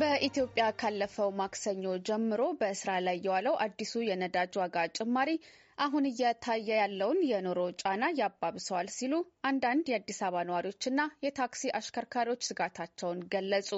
በኢትዮጵያ ካለፈው ማክሰኞ ጀምሮ በስራ ላይ የዋለው አዲሱ የነዳጅ ዋጋ ጭማሪ አሁን እየታየ ያለውን የኑሮ ጫና ያባብሰዋል ሲሉ አንዳንድ የአዲስ አበባ ነዋሪዎችና የታክሲ አሽከርካሪዎች ስጋታቸውን ገለጹ።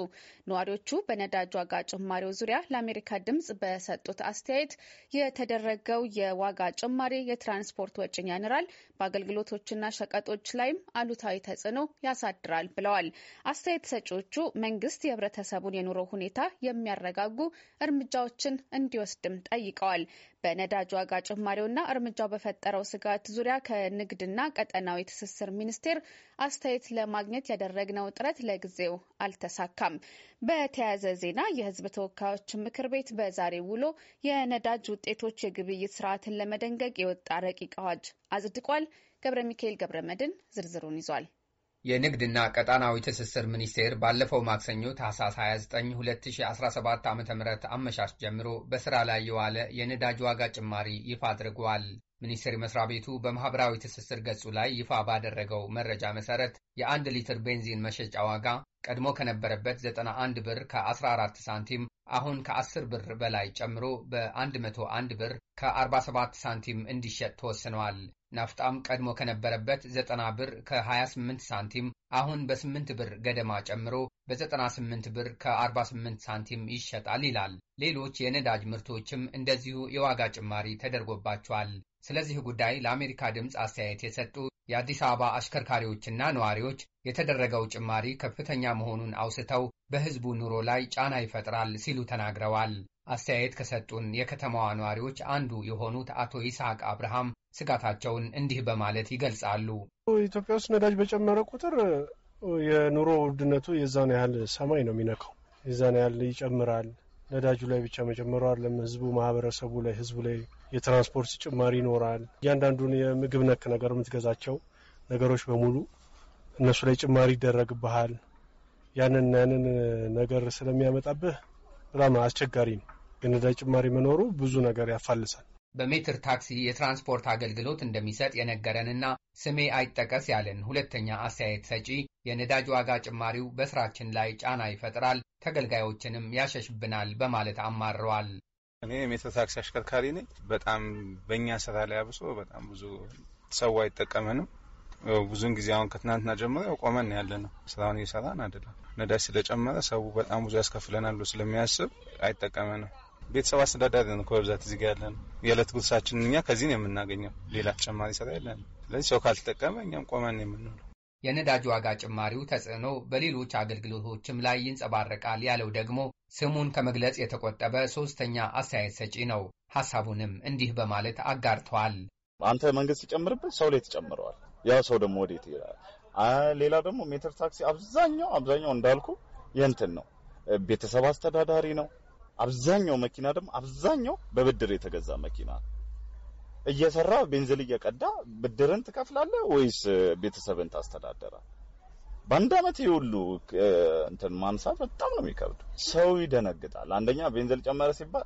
ነዋሪዎቹ በነዳጅ ዋጋ ጭማሪው ዙሪያ ለአሜሪካ ድምጽ በሰጡት አስተያየት የተደረገው የዋጋ ጭማሪ የትራንስፖርት ወጪን ያንራል፣ በአገልግሎቶችና ሸቀጦች ላይም አሉታዊ ተጽዕኖ ያሳድራል ብለዋል። አስተያየት ሰጪዎቹ መንግስት የህብረተሰቡን የኑሮ ሁኔታ የሚያረጋጉ እርምጃዎችን እንዲወስድም ጠይቀዋል። በነዳጅ ዋጋ ጭማሪውና እርምጃው በፈጠረው ስጋት ዙሪያ ከንግድና ቀጠናዊ ትስስር ሚኒስቴር አስተያየት ለማግኘት ያደረግነው ጥረት ለጊዜው አልተሳካም። በተያያዘ ዜና የህዝብ ተወካዮች ምክር ቤት በዛሬ ውሎ የነዳጅ ውጤቶች የግብይት ስርዓትን ለመደንገግ የወጣ ረቂቅ አዋጅ አጽድቋል። ገብረ ሚካኤል ገብረ መድን ዝርዝሩን ይዟል። የንግድና ቀጣናዊ ትስስር ሚኒስቴር ባለፈው ማክሰኞ ታህሳስ 29 2017 ዓ ም አመሻሽ ጀምሮ በሥራ ላይ የዋለ የነዳጅ ዋጋ ጭማሪ ይፋ አድርጓል። ሚኒስቴር መስሪያ ቤቱ በማኅበራዊ ትስስር ገጹ ላይ ይፋ ባደረገው መረጃ መሠረት የአንድ ሊትር ቤንዚን መሸጫ ዋጋ ቀድሞ ከነበረበት 91 ብር ከ14 ሳንቲም አሁን ከ10 ብር በላይ ጨምሮ በ101 ብር ከ47 ሳንቲም እንዲሸጥ ተወስነዋል። ናፍጣም ቀድሞ ከነበረበት 90 ብር ከ28 ሳንቲም አሁን በስምንት ብር ገደማ ጨምሮ በዘጠና ስምንት ብር ከ48 ሳንቲም ይሸጣል ይላል። ሌሎች የነዳጅ ምርቶችም እንደዚሁ የዋጋ ጭማሪ ተደርጎባቸዋል። ስለዚህ ጉዳይ ለአሜሪካ ድምፅ አስተያየት የሰጡ የአዲስ አበባ አሽከርካሪዎችና ነዋሪዎች የተደረገው ጭማሪ ከፍተኛ መሆኑን አውስተው በሕዝቡ ኑሮ ላይ ጫና ይፈጥራል ሲሉ ተናግረዋል። አስተያየት ከሰጡን የከተማዋ ነዋሪዎች አንዱ የሆኑት አቶ ይስሐቅ አብርሃም ስጋታቸውን እንዲህ በማለት ይገልጻሉ። ኢትዮጵያ ውስጥ ነዳጅ በጨመረ ቁጥር የኑሮ ውድነቱ የዛን ያህል ሰማይ ነው የሚነካው፣ የዛን ያህል ይጨምራል። ነዳጁ ላይ ብቻ መጨመሩ አይደለም፣ ህዝቡ ማህበረሰቡ ላይ ህዝቡ ላይ የትራንስፖርት ጭማሪ ይኖራል። እያንዳንዱን የምግብ ነክ ነገር የምትገዛቸው ነገሮች በሙሉ እነሱ ላይ ጭማሪ ይደረግብሃል። ያንን ያንን ነገር ስለሚያመጣብህ በጣም አስቸጋሪ ነው። የነዳጅ ጭማሪ መኖሩ ብዙ ነገር ያፋልሳል። በሜትር ታክሲ የትራንስፖርት አገልግሎት እንደሚሰጥ የነገረንና ስሜ አይጠቀስ ያለን ሁለተኛ አስተያየት ሰጪ የነዳጅ ዋጋ ጭማሪው በስራችን ላይ ጫና ይፈጥራል፣ ተገልጋዮችንም ያሸሽብናል በማለት አማረዋል። እኔ የሜትር ታክሲ አሽከርካሪ ነኝ። በጣም በእኛ ስራ ላይ አብሶ በጣም ብዙ ሰው አይጠቀመንም። ብዙን ጊዜ አሁን ከትናንትና ጀምሮ ቆመን ያለ ነው። ስራውን እየሰራን አይደለም። ነዳጅ ስለጨመረ ሰው በጣም ብዙ ያስከፍለናሉ ስለሚያስብ አይጠቀመንም። ቤተሰብ አስተዳዳሪ ነው በብዛት እዚህ ጋር ያለን። የዕለት ጉርሳችን እኛ ከዚህ ነው የምናገኘው። ሌላ ተጨማሪ ስራ የለን። ስለዚህ ሰው ካልተጠቀመ እኛም ቆመን የምንውለው። የነዳጅ ዋጋ ጭማሪው ተጽዕኖ በሌሎች አገልግሎቶችም ላይ ይንጸባረቃል ያለው ደግሞ ስሙን ከመግለጽ የተቆጠበ ሶስተኛ አስተያየት ሰጪ ነው። ሀሳቡንም እንዲህ በማለት አጋርተዋል። አንተ መንግስት ሲጨምርበት ሰው ላይ ተጨምረዋል። ያው ሰው ደግሞ ወዴት ይላል። ሌላ ደግሞ ሜትር ታክሲ አብዛኛው አብዛኛው እንዳልኩ የእንትን ነው ቤተሰብ አስተዳዳሪ ነው አብዛኛው መኪና ደግሞ አብዛኛው በብድር የተገዛ መኪና እየሰራ ቤንዘል እየቀዳ ብድርን ትከፍላለህ ወይስ ቤተሰብን ታስተዳደራ? በአንድ አመት ሁሉ እንትን ማንሳት በጣም ነው የሚከብዱ። ሰው ይደነግጣል። አንደኛ ቤንዘል ጨመረ ሲባል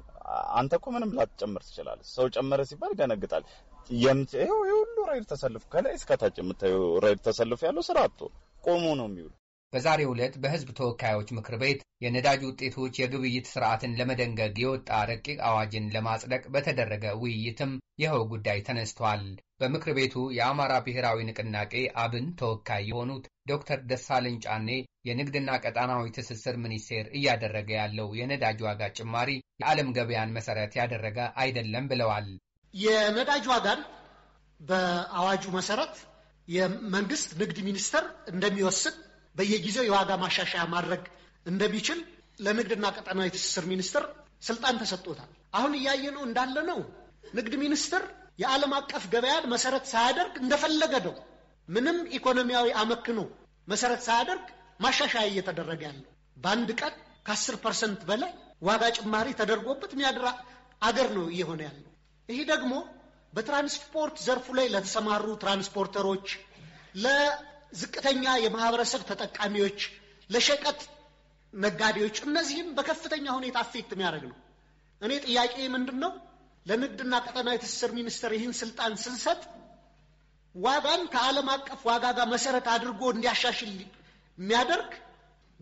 አንተ እኮ ምንም ላትጨምር ትችላለህ። ሰው ጨመረ ሲባል ይደነግጣል። ይሄው ሁሉ ራይድ ተሰልፎ ከላይ እስከታች የምታየው ራይድ ተሰልፎ ያለው ስራ አጥቶ ቆሞ ነው የሚውሉ በዛሬው ዕለት በሕዝብ ተወካዮች ምክር ቤት የነዳጅ ውጤቶች የግብይት ስርዓትን ለመደንገግ የወጣ ረቂቅ አዋጅን ለማጽደቅ በተደረገ ውይይትም ይኸው ጉዳይ ተነስቷል። በምክር ቤቱ የአማራ ብሔራዊ ንቅናቄ አብን ተወካይ የሆኑት ዶክተር ደሳለኝ ጫኔ የንግድና ቀጣናዊ ትስስር ሚኒስቴር እያደረገ ያለው የነዳጅ ዋጋ ጭማሪ የዓለም ገበያን መሰረት ያደረገ አይደለም ብለዋል። የነዳጅ ዋጋን በአዋጁ መሰረት የመንግስት ንግድ ሚኒስቴር እንደሚወስን በየጊዜው የዋጋ ማሻሻያ ማድረግ እንደሚችል ለንግድና ቀጠናዊ ትስስር ሚኒስቴር ስልጣን ተሰጥቶታል። አሁን እያየነው እንዳለ ነው። ንግድ ሚኒስቴር የዓለም አቀፍ ገበያን መሰረት ሳያደርግ እንደፈለገ ነው። ምንም ኢኮኖሚያዊ አመክኖ መሰረት ሳያደርግ ማሻሻያ እየተደረገ ያለው በአንድ ቀን ከአስር ፐርሰንት በላይ ዋጋ ጭማሪ ተደርጎበት የሚያድራ አገር ነው እየሆነ ያለው። ይህ ደግሞ በትራንስፖርት ዘርፉ ላይ ለተሰማሩ ትራንስፖርተሮች፣ ዝቅተኛ የማህበረሰብ ተጠቃሚዎች፣ ለሸቀጥ ነጋዴዎች፣ እነዚህም በከፍተኛ ሁኔታ አፌክት የሚያደርግ ነው። እኔ ጥያቄ ምንድን ነው? ለንግድና ቀጠናዊ ትስስር ሚኒስቴር ይህን ስልጣን ስንሰጥ ዋጋን ከዓለም አቀፍ ዋጋ ጋር መሰረት አድርጎ እንዲያሻሽል የሚያደርግ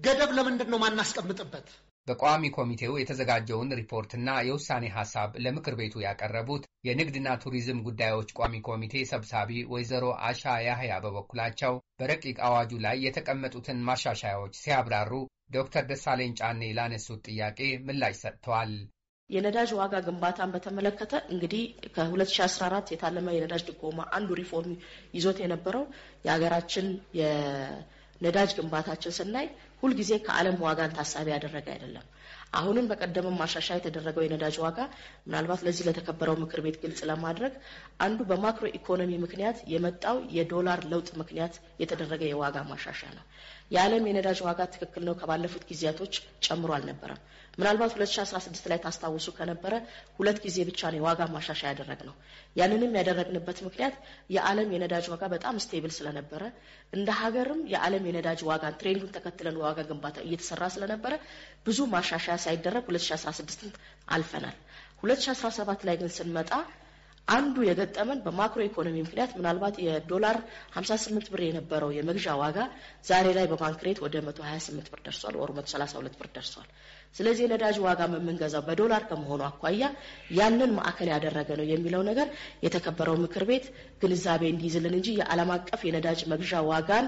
ገደብ ለምንድን ነው ማናስቀምጥበት? በቋሚ ኮሚቴው የተዘጋጀውን ሪፖርትና የውሳኔ ሐሳብ ለምክር ቤቱ ያቀረቡት የንግድና ቱሪዝም ጉዳዮች ቋሚ ኮሚቴ ሰብሳቢ ወይዘሮ አሻ ያህያ በበኩላቸው በረቂቅ አዋጁ ላይ የተቀመጡትን ማሻሻያዎች ሲያብራሩ ዶክተር ደሳለኝ ጫኔ ላነሱት ጥያቄ ምላሽ ሰጥተዋል። የነዳጅ ዋጋ ግንባታን በተመለከተ እንግዲህ ከ2014 የታለመ የነዳጅ ድጎማ አንዱ ሪፎርም ይዞት የነበረው የሀገራችን የነዳጅ ግንባታችን ስናይ ሁልጊዜ ከዓለም ዋጋን ታሳቢ ያደረገ አይደለም። አሁንም በቀደመም ማሻሻያ የተደረገው የነዳጅ ዋጋ ምናልባት ለዚህ ለተከበረው ምክር ቤት ግልጽ ለማድረግ አንዱ በማክሮ ኢኮኖሚ ምክንያት የመጣው የዶላር ለውጥ ምክንያት የተደረገ የዋጋ ማሻሻያ ነው። የዓለም የነዳጅ ዋጋ ትክክል ነው፣ ከባለፉት ጊዜያቶች ጨምሮ አልነበረም። ምናልባት 2016 ላይ ታስታውሱ ከነበረ ሁለት ጊዜ ብቻ ነው የዋጋ ማሻሻያ ያደረግነው። ያንንም ያደረግንበት ምክንያት የዓለም የነዳጅ ዋጋ በጣም ስቴብል ስለነበረ እንደ ሀገርም የዓለም የነዳጅ ዋጋን ትሬንዱን ተከትለን ዋጋ ግንባታ እየተሰራ ስለነበረ ብዙ ማሻሻያ ሳይደረግ 2016ን አልፈናል። 2017 ላይ ግን ስንመጣ አንዱ የገጠመን በማክሮ ኢኮኖሚ ምክንያት ምናልባት የዶላር 58 ብር የነበረው የመግዣ ዋጋ ዛሬ ላይ በባንክ ሬት ወደ 128 ብር ደርሷል፣ ወሩ 132 ብር ደርሷል። ስለዚህ የነዳጅ ዋጋ የምንገዛው በዶላር ከመሆኑ አኳያ ያንን ማዕከል ያደረገ ነው የሚለው ነገር የተከበረው ምክር ቤት ግንዛቤ እንዲይዝልን እንጂ የዓለም አቀፍ የነዳጅ መግዣ ዋጋን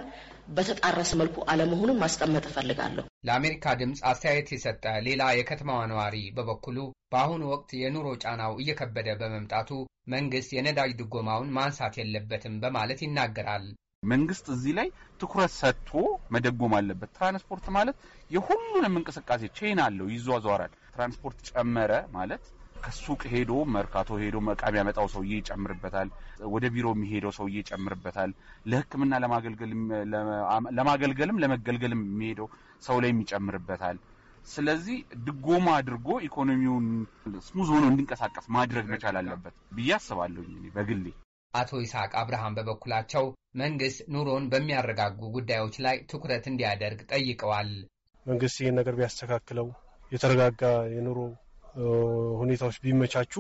በተጣረሰ መልኩ አለመሆኑን ማስቀመጥ እፈልጋለሁ። ለአሜሪካ ድምፅ አስተያየት የሰጠ ሌላ የከተማዋ ነዋሪ በበኩሉ በአሁኑ ወቅት የኑሮ ጫናው እየከበደ በመምጣቱ መንግስት የነዳጅ ድጎማውን ማንሳት የለበትም በማለት ይናገራል። መንግስት እዚህ ላይ ትኩረት ሰጥቶ መደጎም አለበት። ትራንስፖርት ማለት የሁሉንም እንቅስቃሴ ቼን አለው፣ ይዟዟራል። ትራንስፖርት ጨመረ ማለት ከሱቅ ሄዶ መርካቶ ሄዶ መቃም ያመጣው ሰውዬ ይጨምርበታል። ወደ ቢሮ የሚሄደው ሰውዬ ይጨምርበታል። ለሕክምና ለማገልገልም ለመገልገልም የሚሄደው ሰው ላይም ይጨምርበታል። ስለዚህ ድጎማ አድርጎ ኢኮኖሚውን ስሙዝ ሆኖ እንዲንቀሳቀስ ማድረግ መቻል አለበት ብዬ አስባለሁ በግሌ። አቶ ይስሐቅ አብርሃም በበኩላቸው መንግስት ኑሮን በሚያረጋጉ ጉዳዮች ላይ ትኩረት እንዲያደርግ ጠይቀዋል። መንግስት ይህን ነገር ቢያስተካክለው የተረጋጋ የኑሮ ሁኔታዎች ቢመቻቹ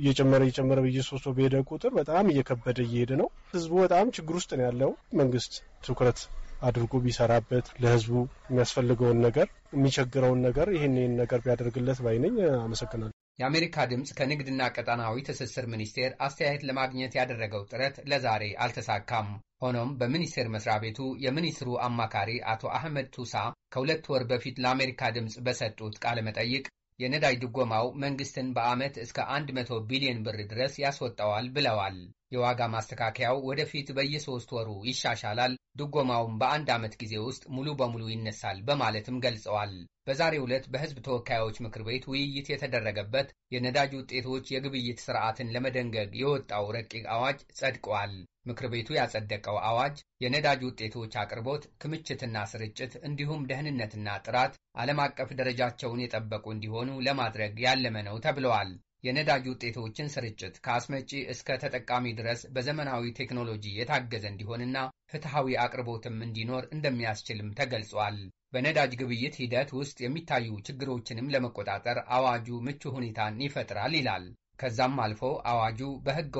እየጨመረ እየጨመረ በየሶስት በሄደ ቁጥር በጣም እየከበደ እየሄደ ነው። ህዝቡ በጣም ችግር ውስጥ ነው ያለው። መንግስት ትኩረት አድርጎ ቢሰራበት ለህዝቡ የሚያስፈልገውን ነገር የሚቸግረውን ነገር ይህን ይህን ነገር ቢያደርግለት ባይነኝ። አመሰግናለሁ። የአሜሪካ ድምፅ ከንግድና ቀጠናዊ ትስስር ሚኒስቴር አስተያየት ለማግኘት ያደረገው ጥረት ለዛሬ አልተሳካም። ሆኖም በሚኒስቴር መስሪያ ቤቱ የሚኒስትሩ አማካሪ አቶ አህመድ ቱሳ ከሁለት ወር በፊት ለአሜሪካ ድምፅ በሰጡት ቃለ መጠይቅ የነዳጅ ድጎማው መንግስትን በዓመት እስከ 100 ቢሊዮን ብር ድረስ ያስወጣዋል ብለዋል። የዋጋ ማስተካከያው ወደፊት በየሶስት ወሩ ይሻሻላል፣ ድጎማውም በአንድ ዓመት ጊዜ ውስጥ ሙሉ በሙሉ ይነሳል በማለትም ገልጸዋል። በዛሬ ዕለት በሕዝብ ተወካዮች ምክር ቤት ውይይት የተደረገበት የነዳጅ ውጤቶች የግብይት ሥርዓትን ለመደንገግ የወጣው ረቂቅ አዋጅ ጸድቋል። ምክር ቤቱ ያጸደቀው አዋጅ የነዳጅ ውጤቶች አቅርቦት፣ ክምችትና ስርጭት እንዲሁም ደህንነትና ጥራት ዓለም አቀፍ ደረጃቸውን የጠበቁ እንዲሆኑ ለማድረግ ያለመ ነው ተብለዋል። የነዳጅ ውጤቶችን ስርጭት ከአስመጪ እስከ ተጠቃሚ ድረስ በዘመናዊ ቴክኖሎጂ የታገዘ እንዲሆንና ፍትሐዊ አቅርቦትም እንዲኖር እንደሚያስችልም ተገልጿል። በነዳጅ ግብይት ሂደት ውስጥ የሚታዩ ችግሮችንም ለመቆጣጠር አዋጁ ምቹ ሁኔታን ይፈጥራል ይላል። ከዛም አልፎ አዋጁ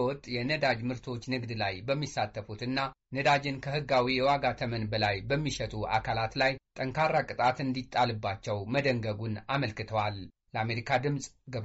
ወጥ የነዳጅ ምርቶች ንግድ ላይ በሚሳተፉትና ነዳጅን ከሕጋዊ የዋጋ ተመን በላይ በሚሸጡ አካላት ላይ ጠንካራ ቅጣት እንዲጣልባቸው መደንገጉን አመልክተዋል። ለአሜሪካ ድምፅ